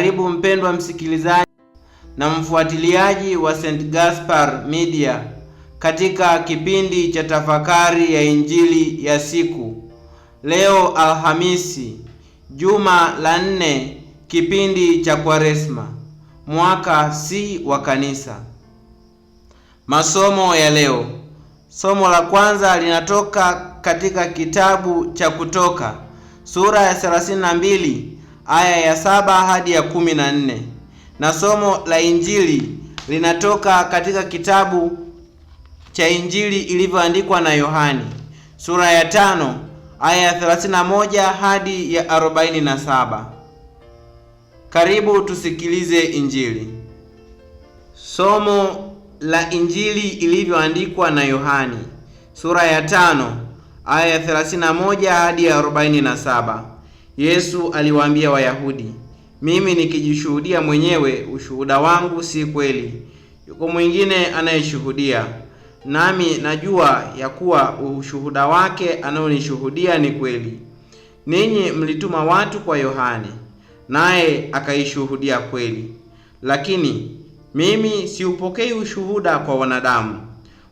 Karibu mpendwa msikilizaji na mfuatiliaji wa St. Gaspar Media katika kipindi cha tafakari ya injili ya siku leo Alhamisi, juma la nne, kipindi cha Kwaresma, mwaka si wa Kanisa. Masomo ya leo, somo la kwanza linatoka katika kitabu cha Kutoka sura ya 32 aya ya saba hadi ya kumi na nne na somo la Injili linatoka katika kitabu cha Injili ilivyoandikwa na Yohani sura ya tano aya ya moja hadi ya arobaini na saba. Karibu tusikilize Injili. Somo la Injili ilivyoandikwa na Yohani sura ya tano aya ya moja hadi ya arobaini na saba. Yesu aliwaambia Wayahudi, mimi nikijishuhudia mwenyewe ushuhuda wangu si kweli. Yuko mwingine anayeshuhudia, nami najua ya kuwa ushuhuda wake anayonishuhudia ni kweli. Ninyi mlituma watu kwa Yohane, naye akaishuhudia kweli. Lakini mimi siupokei ushuhuda kwa wanadamu,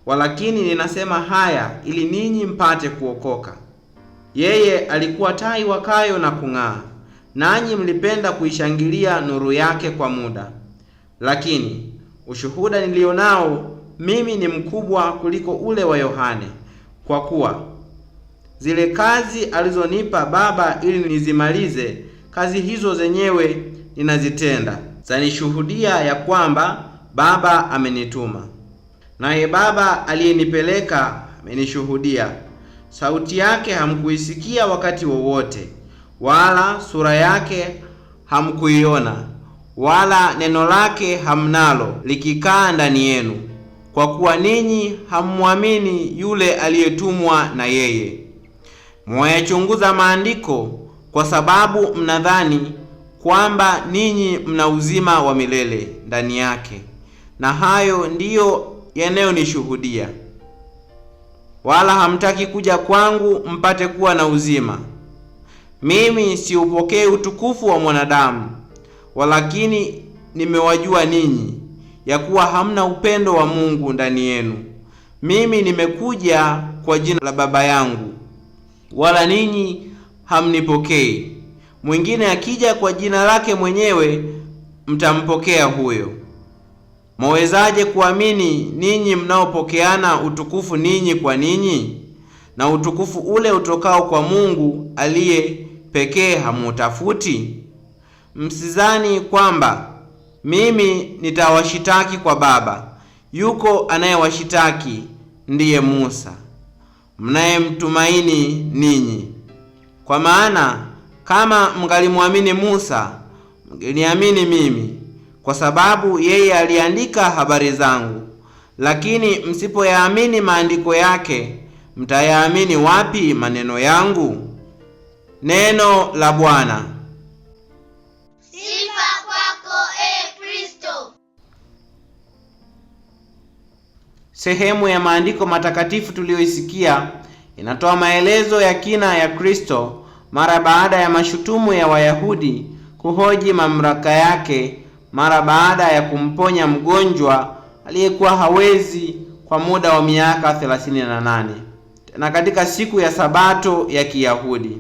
walakini ninasema haya ili ninyi mpate kuokoka yeye alikuwa taa kayo na kung'aa, nanyi mlipenda kuishangilia nuru yake kwa muda. Lakini ushuhuda nao mimi ni mkubwa kuliko ule wa Yohane, kwa kuwa zile kazi alizonipa Baba ili nizimalize, kazi hizo zenyewe ninazitenda, zanishuhudia ya kwamba Baba amenituma, naye Baba aliyenipeleka amenishuhudia sauti yake hamkuisikia wakati wowote, wala sura yake hamkuiona, wala neno lake hamnalo likikaa ndani yenu, kwa kuwa ninyi hammwamini yule aliyetumwa na yeye. Mwayachunguza maandiko kwa sababu mnadhani kwamba ninyi mna uzima wa milele ndani yake, na hayo ndiyo yanayonishuhudia wala hamtaki kuja kwangu mpate kuwa na uzima. Mimi siupokee utukufu wa mwanadamu, walakini nimewajua ninyi ya kuwa hamna upendo wa Mungu ndani yenu. Mimi nimekuja kwa jina la Baba yangu, wala ninyi hamnipokei. Mwingine akija kwa jina lake mwenyewe mtampokea huyo. Mwawezaje kuamini ninyi mnaopokeana utukufu ninyi kwa ninyi, na utukufu ule utokao kwa Mungu aliye pekee hamutafuti? msizani kwamba mimi nitawashitaki kwa Baba. Yuko anayewashitaki ndiye Musa mnayemtumaini ninyi. Kwa maana kama mngalimwamini Musa, mngeniamini mimi kwa sababu yeye aliandika habari zangu. Lakini msipoyaamini maandiko yake, mtayaamini wapi maneno yangu? Neno la Bwana. Sifa kwako e Kristo. Sehemu ya maandiko matakatifu tuliyoisikia inatoa maelezo ya kina ya Kristo mara baada ya mashutumu ya Wayahudi kuhoji mamlaka yake mara baada ya kumponya mgonjwa aliyekuwa hawezi kwa muda wa miaka 38 na katika siku ya Sabato ya Kiyahudi.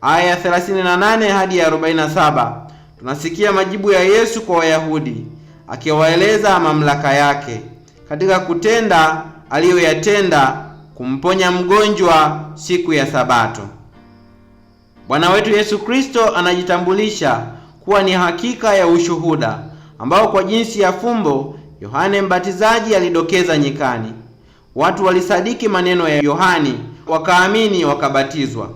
Aya 38 hadi 47 tunasikia majibu ya Yesu kwa Wayahudi akiwaeleza mamlaka yake katika kutenda aliyoyatenda kumponya mgonjwa siku ya Sabato. Bwana wetu Yesu Kristo anajitambulisha kuwa ni hakika ya ushuhuda ambao kwa jinsi ya fumbo Yohane Mbatizaji alidokeza nyikani. Watu walisadiki maneno ya Yohani, wakaamini wakabatizwa.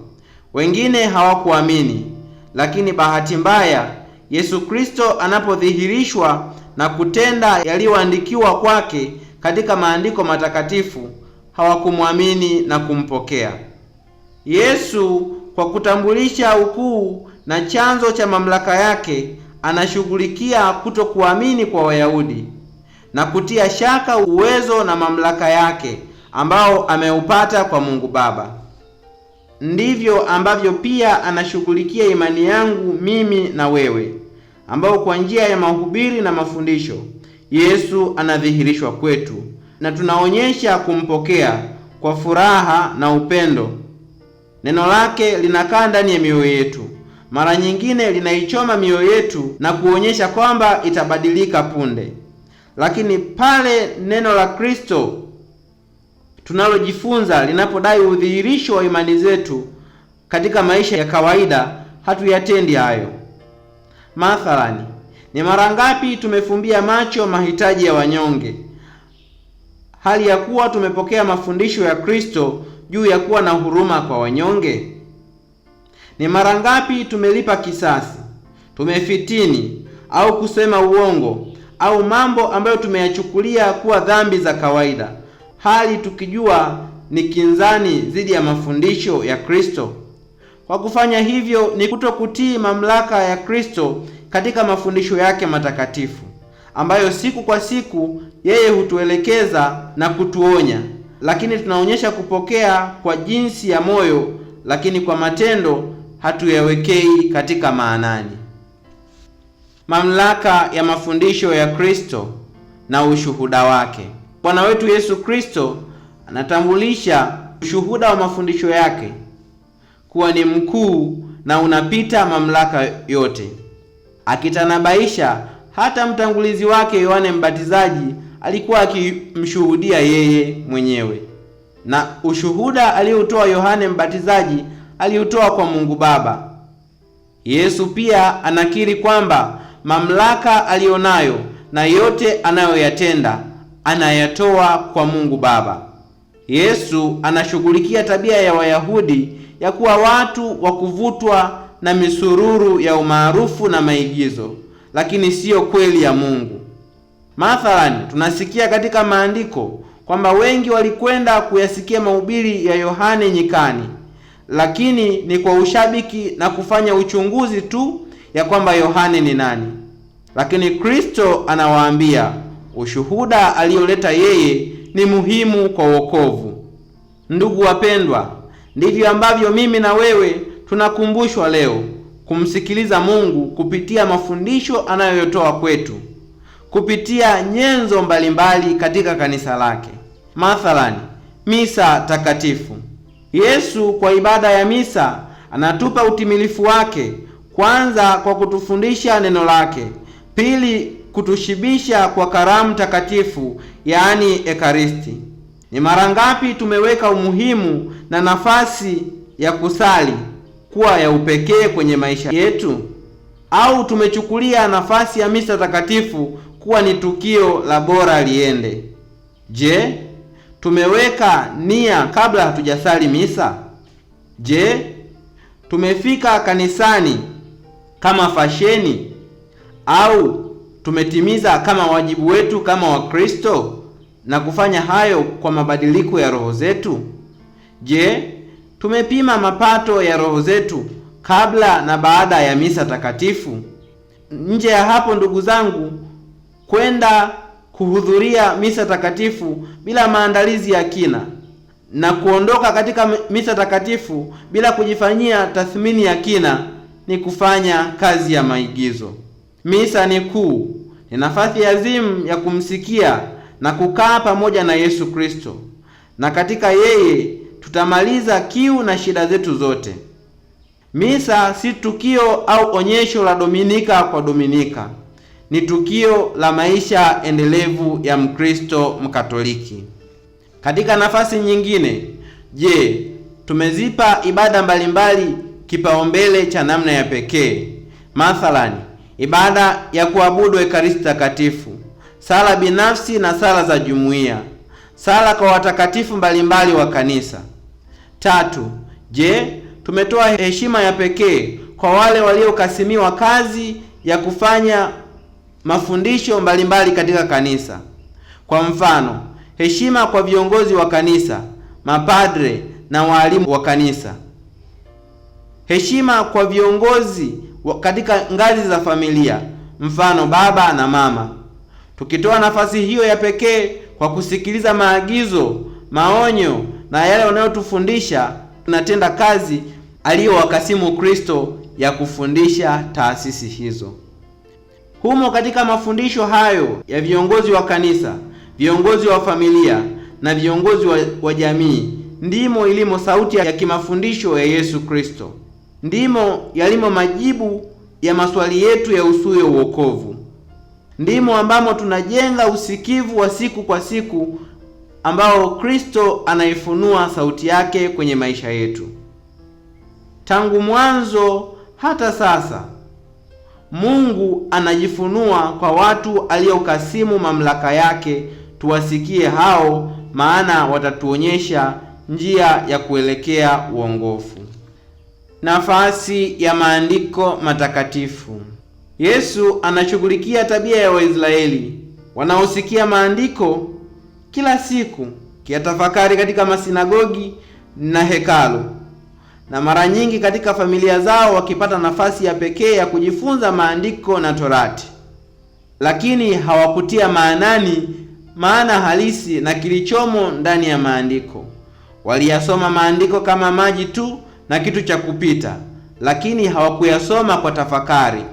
Wengine hawakuamini, lakini bahati mbaya Yesu Kristo anapodhihirishwa na kutenda yaliyoandikiwa kwake katika maandiko matakatifu, hawakumwamini na kumpokea Yesu. Kwa kutambulisha ukuu na chanzo cha mamlaka yake, anashughulikia kutokuamini kwa Wayahudi na kutia shaka uwezo na mamlaka yake ambao ameupata kwa Mungu Baba. Ndivyo ambavyo pia anashughulikia imani yangu mimi na wewe, ambao kwa njia ya mahubiri na mafundisho Yesu anadhihirishwa kwetu na tunaonyesha kumpokea kwa furaha na upendo. Neno lake linakaa ndani ya mioyo yetu mara nyingine linaichoma mioyo yetu na kuonyesha kwamba itabadilika punde. Lakini pale neno la Kristo tunalojifunza linapodai udhihirisho wa imani zetu katika maisha ya kawaida, hatuyatendi hayo. Mathalani, ni mara ngapi tumefumbia macho mahitaji ya wanyonge, hali ya kuwa tumepokea mafundisho ya Kristo juu ya kuwa na huruma kwa wanyonge? Ni mara ngapi tumelipa kisasi, tumefitini au kusema uongo au mambo ambayo tumeyachukulia kuwa dhambi za kawaida, hali tukijua ni kinzani dhidi ya mafundisho ya Kristo. Kwa kufanya hivyo ni kutokutii mamlaka ya Kristo katika mafundisho yake matakatifu ambayo siku kwa siku yeye hutuelekeza na kutuonya, lakini tunaonyesha kupokea kwa jinsi ya moyo, lakini kwa matendo hatuyawekei katika maanani. Mamlaka ya mafundisho ya Kristo na ushuhuda wake. Bwana wetu Yesu Kristo anatambulisha ushuhuda wa mafundisho yake kuwa ni mkuu na unapita mamlaka yote, akitanabaisha hata mtangulizi wake Yohane Mbatizaji alikuwa akimshuhudia yeye mwenyewe, na ushuhuda aliyoutoa Yohane Mbatizaji aliyotoa kwa Mungu Baba. Yesu pia anakiri kwamba mamlaka aliyonayo na yote anayoyatenda anayatoa kwa Mungu Baba. Yesu anashughulikia tabia ya Wayahudi ya kuwa watu wa kuvutwa na misururu ya umaarufu na maigizo, lakini siyo kweli ya Mungu. Mathalani, tunasikia katika maandiko kwamba wengi walikwenda kuyasikia mahubiri ya Yohane nyikani lakini ni kwa ushabiki na kufanya uchunguzi tu ya kwamba Yohane ni nani. Lakini Kristo anawaambia ushuhuda aliyoleta yeye ni muhimu kwa wokovu. Ndugu wapendwa, ndivyo ambavyo mimi na wewe tunakumbushwa leo kumsikiliza Mungu kupitia mafundisho anayoyotoa kwetu kupitia nyenzo mbalimbali katika kanisa lake, mathalani misa takatifu. Yesu kwa ibada ya misa anatupa utimilifu wake, kwanza kwa kutufundisha neno lake, pili kutushibisha kwa karamu takatifu, yaani Ekaristi. Ni mara ngapi tumeweka umuhimu na nafasi ya kusali kuwa ya upekee kwenye maisha yetu? Au tumechukulia nafasi ya misa takatifu kuwa ni tukio la bora liende? Je, Tumeweka nia kabla hatujasali misa? Je, tumefika kanisani kama fasheni au tumetimiza kama wajibu wetu kama Wakristo na kufanya hayo kwa mabadiliko ya roho zetu? Je, tumepima mapato ya roho zetu kabla na baada ya misa takatifu? Nje ya hapo, ndugu zangu, kwenda kuhudhuria misa takatifu bila maandalizi ya kina na kuondoka katika misa takatifu bila kujifanyia tathmini ya kina ni kufanya kazi ya maigizo. Misa ni kuu, ni nafasi azimu ya kumsikia na kukaa pamoja na Yesu Kristo, na katika yeye tutamaliza kiu na shida zetu zote. Misa si tukio au onyesho la Dominika kwa Dominika ni tukio la maisha endelevu ya Mkristo Mkatoliki. Katika nafasi nyingine, je, tumezipa ibada mbalimbali kipaumbele cha namna ya pekee? Mathalani, ibada ya kuabudu Ekaristi Takatifu, sala binafsi na sala za jumuiya, sala kwa watakatifu mbalimbali wa kanisa. Tatu, je, tumetoa heshima ya pekee kwa wale waliokasimiwa kazi ya kufanya mafundisho mbalimbali katika kanisa. Kwa mfano, heshima kwa viongozi wa kanisa, mapadre na waalimu wa kanisa, heshima kwa viongozi katika ngazi za familia, mfano baba na mama. Tukitoa nafasi hiyo ya pekee kwa kusikiliza maagizo, maonyo na yale wanayotufundisha, tunatenda kazi aliyowakasimu Kristo ya kufundisha taasisi hizo. Humo katika mafundisho hayo ya viongozi wa kanisa, viongozi wa familia na viongozi wa, wa jamii ndimo ilimo sauti ya kimafundisho ya Yesu Kristo, ndimo yalimo majibu ya maswali yetu ya usuyo uokovu, ndimo ambamo tunajenga usikivu wa siku kwa siku ambao Kristo anaifunua sauti yake kwenye maisha yetu tangu mwanzo hata sasa. Mungu anajifunua kwa watu aliokasimu mamlaka yake. Tuwasikie hao, maana watatuonyesha njia ya kuelekea uongofu. Nafasi ya maandiko matakatifu. Yesu anashughulikia tabia ya Waisraeli wanaosikia maandiko kila siku, kiyatafakari katika masinagogi na hekalu na mara nyingi katika familia zao wakipata nafasi ya pekee ya kujifunza maandiko na Torati, lakini hawakutia maanani maana halisi na kilichomo ndani ya maandiko. Waliyasoma maandiko kama maji tu na kitu cha kupita, lakini hawakuyasoma kwa tafakari,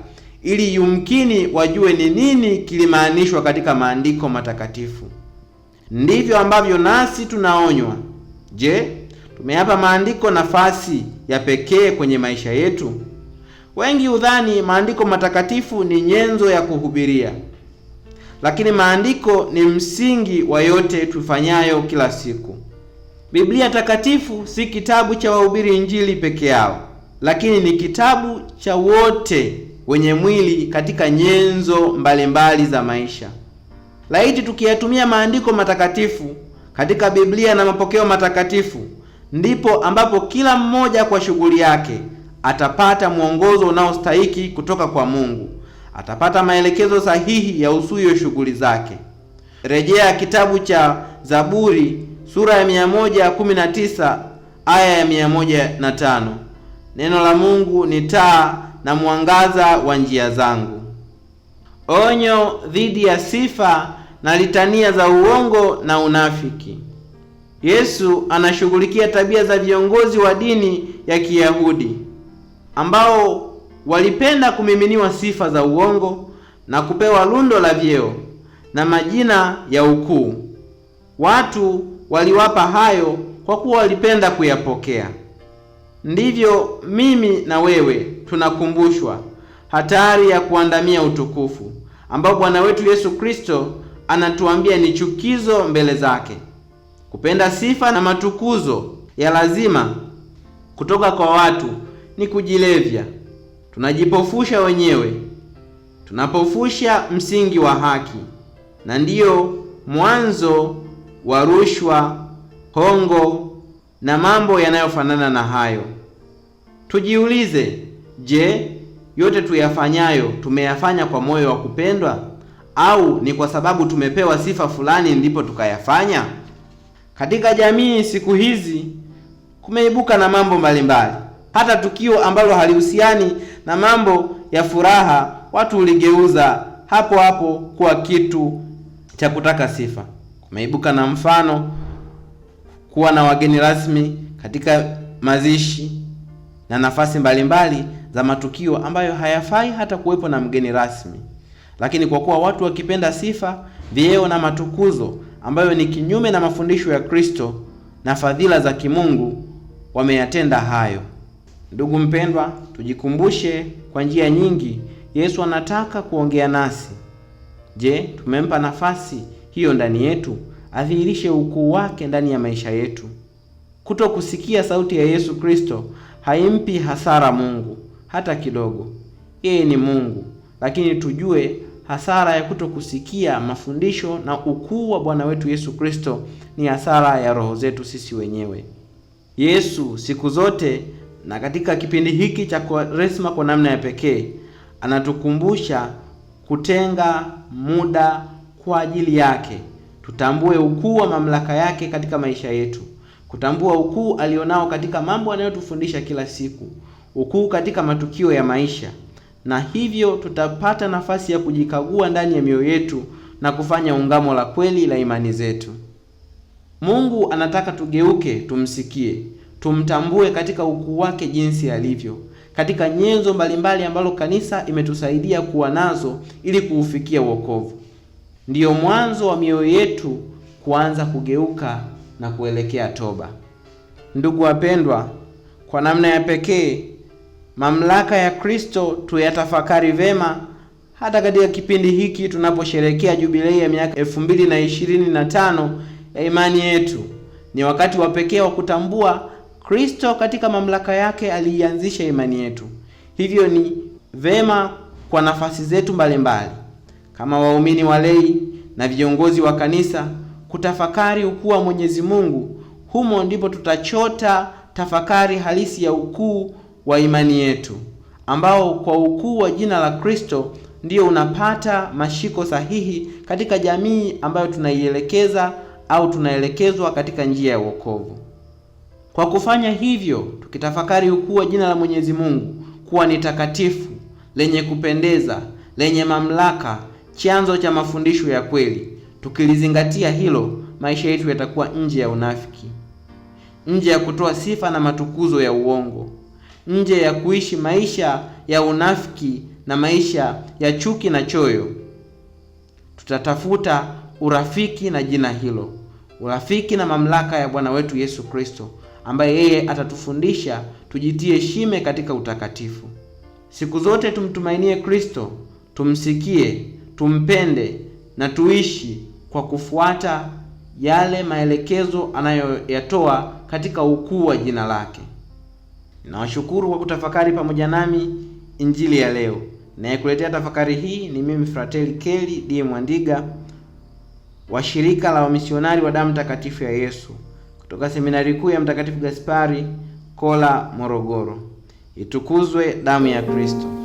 ili yumkini wajue ni nini kilimaanishwa katika maandiko matakatifu. Ndivyo ambavyo nasi tunaonywa. Je, Tumeyapa maandiko nafasi ya pekee kwenye maisha yetu. Wengi udhani maandiko matakatifu ni nyenzo ya kuhubiria, lakini maandiko ni msingi wa yote tufanyayo kila siku. Biblia takatifu si kitabu cha wahubiri injili peke yao, lakini ni kitabu cha wote wenye mwili katika nyenzo mbalimbali mbali za maisha. Laiti tukiyatumia maandiko matakatifu katika Biblia na mapokeo matakatifu ndipo ambapo kila mmoja kwa shughuli yake atapata mwongozo unaostahiki kutoka kwa Mungu, atapata maelekezo sahihi usuyo shughuli zake. Rejea kitabu cha Zaburi sura ya 119 aya ya 105. Neno la Mungu ni taa na mwangaza wa njia zangu. Onyo dhidi ya sifa na litania za uongo na unafiki. Yesu anashughulikia tabia za viongozi wa dini ya Kiyahudi ambao walipenda kumiminiwa sifa za uongo na kupewa lundo la vyeo na majina ya ukuu. Watu waliwapa hayo kwa kuwa walipenda kuyapokea. Ndivyo mimi na wewe tunakumbushwa hatari ya kuandamia utukufu ambao Bwana wetu Yesu Kristo anatuambia ni chukizo mbele zake. Kupenda sifa na matukuzo ya lazima kutoka kwa watu ni kujilevya. Tunajipofusha wenyewe, tunapofusha msingi wa haki, na ndiyo mwanzo wa rushwa, hongo na mambo yanayofanana na hayo. Tujiulize, je, yote tuyafanyayo tumeyafanya kwa moyo wa kupendwa au ni kwa sababu tumepewa sifa fulani ndipo tukayafanya? Katika jamii siku hizi kumeibuka na mambo mbalimbali, hata tukio ambalo halihusiani na mambo ya furaha, watu uligeuza hapo hapo kuwa kitu cha kutaka sifa. Kumeibuka na mfano kuwa na wageni rasmi katika mazishi na nafasi mbalimbali za matukio ambayo hayafai hata kuwepo na mgeni rasmi, lakini kwa kuwa watu wakipenda sifa, vyeo na matukuzo ambayo ni kinyume na mafundisho ya Kristo na fadhila za kimungu wameyatenda hayo. Ndugu mpendwa, tujikumbushe kwa njia nyingi Yesu anataka kuongea nasi. Je, tumempa nafasi hiyo ndani yetu? Adhihirishe ukuu wake ndani ya maisha yetu. Kuto kusikia sauti ya Yesu Kristo haimpi hasara Mungu hata kidogo. Yeye ni Mungu, lakini tujue hasara ya kutokusikia mafundisho na ukuu wa Bwana wetu Yesu Kristo ni hasara ya roho zetu sisi wenyewe. Yesu siku zote na katika kipindi hiki cha Kwaresma kwa namna ya pekee anatukumbusha kutenga muda kwa ajili yake, tutambue ukuu wa mamlaka yake katika maisha yetu, kutambua ukuu alionao katika mambo anayotufundisha kila siku, ukuu katika matukio ya maisha na hivyo tutapata nafasi ya kujikagua ndani ya mioyo yetu na kufanya ungamo la kweli la imani zetu. Mungu anataka tugeuke, tumsikie, tumtambue katika ukuu wake jinsi alivyo, katika nyenzo mbalimbali ambalo kanisa imetusaidia kuwa nazo ili kuufikia wokovu. Ndiyo mwanzo wa mioyo yetu kuanza kugeuka na kuelekea toba. Ndugu wapendwa, kwa namna ya pekee mamlaka ya Kristo tuyatafakari vema hata katika kipindi hiki tunaposherekea jubilei ya miaka elfu mbili na ishirini na tano ya imani yetu. Ni wakati wa pekee wa kutambua Kristo katika mamlaka yake aliianzisha imani yetu. Hivyo ni vema kwa nafasi zetu mbalimbali mbali, kama waumini walei na viongozi wa kanisa kutafakari ukuu wa Mwenyezi Mungu. Humo ndipo tutachota tafakari halisi ya ukuu wa imani yetu ambao kwa ukuu wa jina la Kristo ndio unapata mashiko sahihi katika jamii ambayo tunaielekeza au tunaelekezwa katika njia ya wokovu. Kwa kufanya hivyo, tukitafakari ukuu wa jina la Mwenyezi Mungu kuwa ni takatifu, lenye kupendeza, lenye mamlaka, chanzo cha mafundisho ya kweli, tukilizingatia hilo, maisha yetu yatakuwa nje ya unafiki, nje ya kutoa sifa na matukuzo ya uongo nje ya kuishi maisha ya unafiki na maisha ya chuki na choyo. Tutatafuta urafiki na jina hilo, urafiki na mamlaka ya Bwana wetu Yesu Kristo, ambaye yeye atatufundisha tujitie shime katika utakatifu. Siku zote tumtumainie Kristo, tumsikie, tumpende na tuishi kwa kufuata yale maelekezo anayoyatoa katika ukuu wa jina lake. Nawashukuru kwa kutafakari pamoja nami injili ya leo. Nayekuletea tafakari hii ni mimi Frateli Keli D Mwandiga wa shirika la wamisionari wa damu takatifu ya Yesu kutoka seminari kuu ya Mtakatifu Gaspari Kola, Morogoro. Itukuzwe damu ya Kristo!